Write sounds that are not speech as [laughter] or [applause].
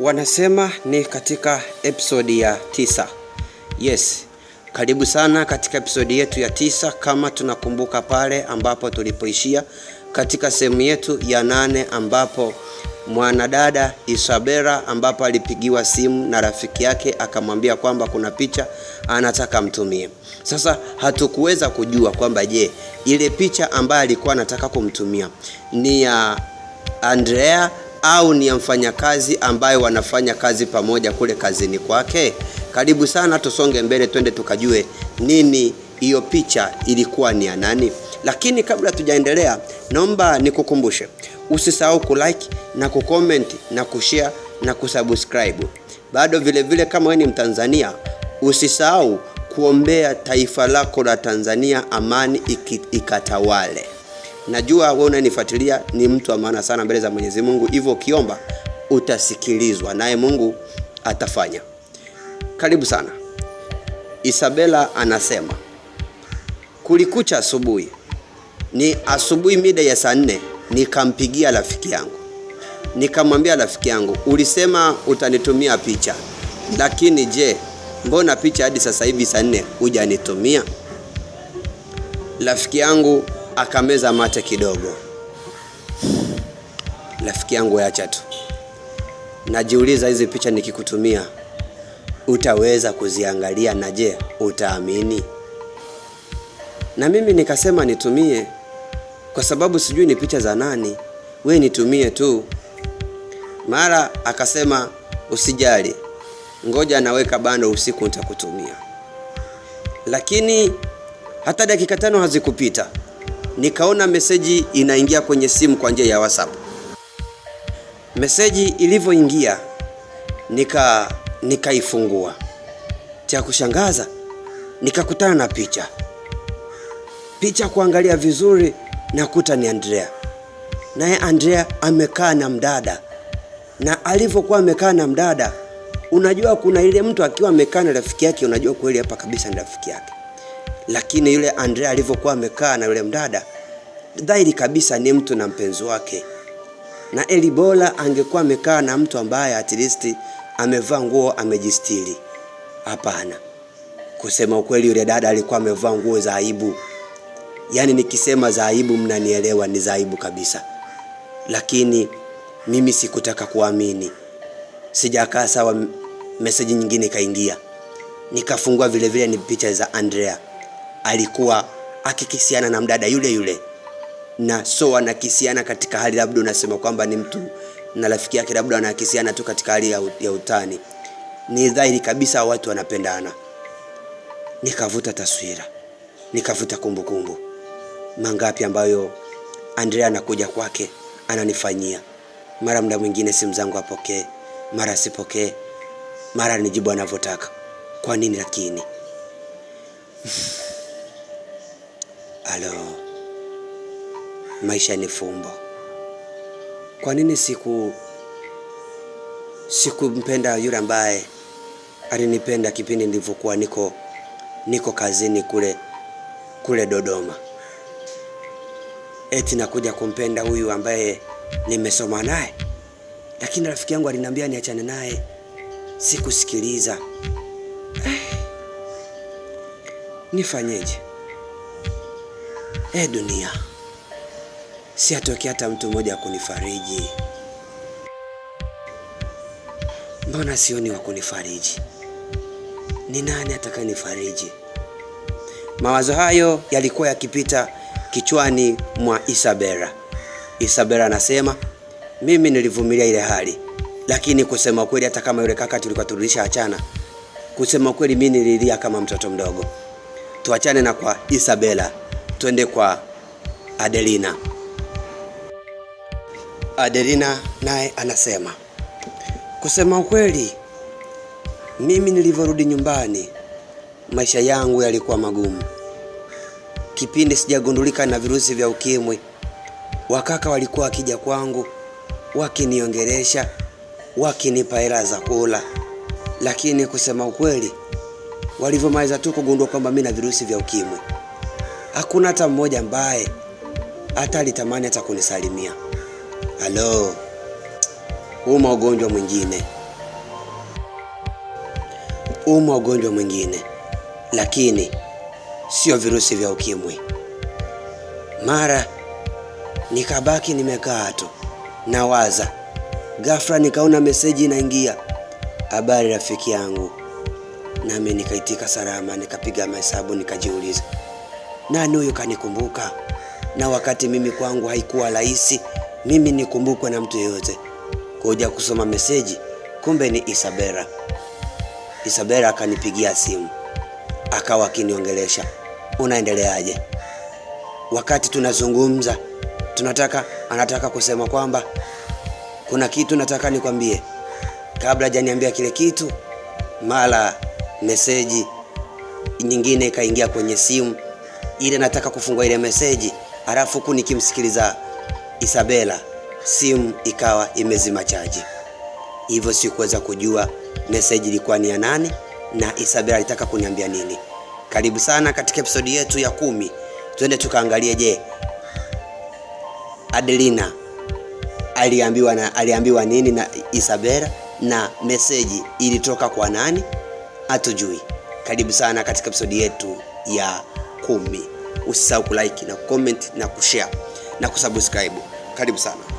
Wanasema ni katika episodi ya tisa. Yes, karibu sana katika episodi yetu ya tisa, kama tunakumbuka pale ambapo tulipoishia katika sehemu yetu ya nane, ambapo mwanadada isabera ambapo alipigiwa simu na rafiki yake akamwambia kwamba kuna picha anataka mtumie. Sasa hatukuweza kujua kwamba je, ile picha ambayo alikuwa anataka kumtumia ni ya Andrea au ni ya mfanyakazi ambaye wanafanya kazi pamoja kule kazini kwake? Karibu sana, tusonge mbele, twende tukajue nini hiyo picha ilikuwa ni ya nani. Lakini kabla tujaendelea, naomba nikukumbushe usisahau kulike na kucomment na kushare na kusubscribe. Bado vile vile, kama wewe ni Mtanzania, usisahau kuombea taifa lako la Tanzania amani ikatawale najua wewe unanifuatilia ni mtu wa maana sana mbele za Mwenyezi Mungu, hivyo ukiomba utasikilizwa naye Mungu atafanya. Karibu sana. Isabela anasema kulikucha asubuhi, ni asubuhi mida ya saa nne, nikampigia rafiki yangu nikamwambia rafiki yangu, ulisema utanitumia picha, lakini je, mbona picha hadi sasa hivi saa nne hujanitumia? Rafiki yangu akameza mate kidogo. Rafiki yangu acha tu, najiuliza hizi picha nikikutumia utaweza kuziangalia na je, utaamini? Na mimi nikasema nitumie, kwa sababu sijui ni picha za nani, we nitumie tu. Mara akasema usijali, ngoja naweka bando, usiku nitakutumia. Lakini hata dakika tano hazikupita nikaona meseji inaingia kwenye simu kwa njia ya WhatsApp. Meseji ilivyoingia nika nikaifungua, cha kushangaza nikakutana na picha picha, kuangalia vizuri nakuta ni Andrea, naye Andrea amekaa na mdada, na alivyokuwa amekaa na mdada, unajua kuna ile mtu akiwa amekaa na rafiki yake, unajua kweli hapa kabisa ni rafiki yake, lakini yule Andrea alivyokuwa amekaa na yule mdada dhahiri kabisa ni mtu na mpenzi wake, na Eli bora angekuwa amekaa na mtu ambaye at least amevaa nguo amejistiri. Hapana, kusema ukweli, yule dada alikuwa amevaa nguo za aibu. Yaani nikisema za aibu, mnanielewa, ni za aibu kabisa. Lakini mimi sikutaka kuamini, sijakaa sawa. Meseji nyingine ikaingia, nikafungua vile vile, ni picha za Andrea alikuwa akikisiana na mdada yule yule na so anakisiana katika hali labda unasema kwamba ni mtu na rafiki yake labda anakisiana tu katika hali ya, ya utani, ni dhahiri kabisa watu wanapendana. Nikavuta taswira, nikavuta kumbukumbu. Mangapi ambayo Andrea anakuja kwake ananifanyia, mara mda mwingine simu zangu apokee, mara sipokee, mara nijibu anavyotaka. Kwa nini lakini? [sighs] Halo maisha ni fumbo. Kwa nini siku sikumpenda yule ambaye alinipenda kipindi nilivyokuwa niko niko kazini kule kule Dodoma? Eti nakuja kumpenda huyu ambaye nimesoma naye, lakini rafiki yangu aliniambia niachane naye, sikusikiliza. [sighs] Nifanyeje? Eh, dunia si atokea hata mtu mmoja kunifariji. Mbona sioni wa kunifariji? Ni nani atakayenifariji? Mawazo hayo yalikuwa yakipita kichwani mwa Isabela. Isabela anasema mimi nilivumilia ile hali, lakini kusema kweli, hata kama yule kaka tulikuwa turudisha achana, kusema kweli, mimi nililia kama mtoto mdogo. Tuachane na kwa Isabela, twende kwa Adelina. Adelina naye anasema kusema ukweli, mimi nilivyorudi nyumbani maisha yangu yalikuwa magumu. Kipindi sijagundulika na virusi vya ukimwi, wakaka walikuwa wakija kwangu wakiniongelesha, wakinipa hela za kula, lakini kusema ukweli, walivyomaliza tu kugundua kwamba mimi na virusi vya ukimwi, hakuna hata mmoja ambaye hata alitamani hata kunisalimia. Halo, uma ugonjwa mwingine, uma ugonjwa mwingine, lakini sio virusi vya ukimwi. Mara nikabaki nimekaa tu nawaza, ghafla nikaona meseji inaingia, habari rafiki yangu, nami nikaitika salama. Nikapiga mahesabu, nikajiuliza, nani huyu kanikumbuka? Na wakati mimi kwangu haikuwa rahisi mimi nikumbukwe na mtu yeyote. Kuja kusoma meseji, kumbe ni Isabela. Isabela akanipigia simu akawa akiniongelesha, unaendeleaje? Wakati tunazungumza tunataka, anataka kusema kwamba kuna kitu nataka nikwambie. Kabla hajaniambia kile kitu, mara meseji nyingine ikaingia kwenye simu ile, nataka kufungua ile meseji, alafu huku nikimsikiliza Isabela, simu ikawa imezima chaji, hivyo sikuweza kujua meseji ilikuwa ni ya nani na Isabela alitaka kuniambia nini. Karibu sana katika episodi yetu ya kumi. Twende tukaangalie, je, Adelina aliambiwa na aliambiwa nini na Isabela na meseji ilitoka kwa nani? Hatujui. Karibu sana katika episodi yetu ya kumi. Usisahau kulike na kucomment na kushare na kusubscribe. Karibu sana.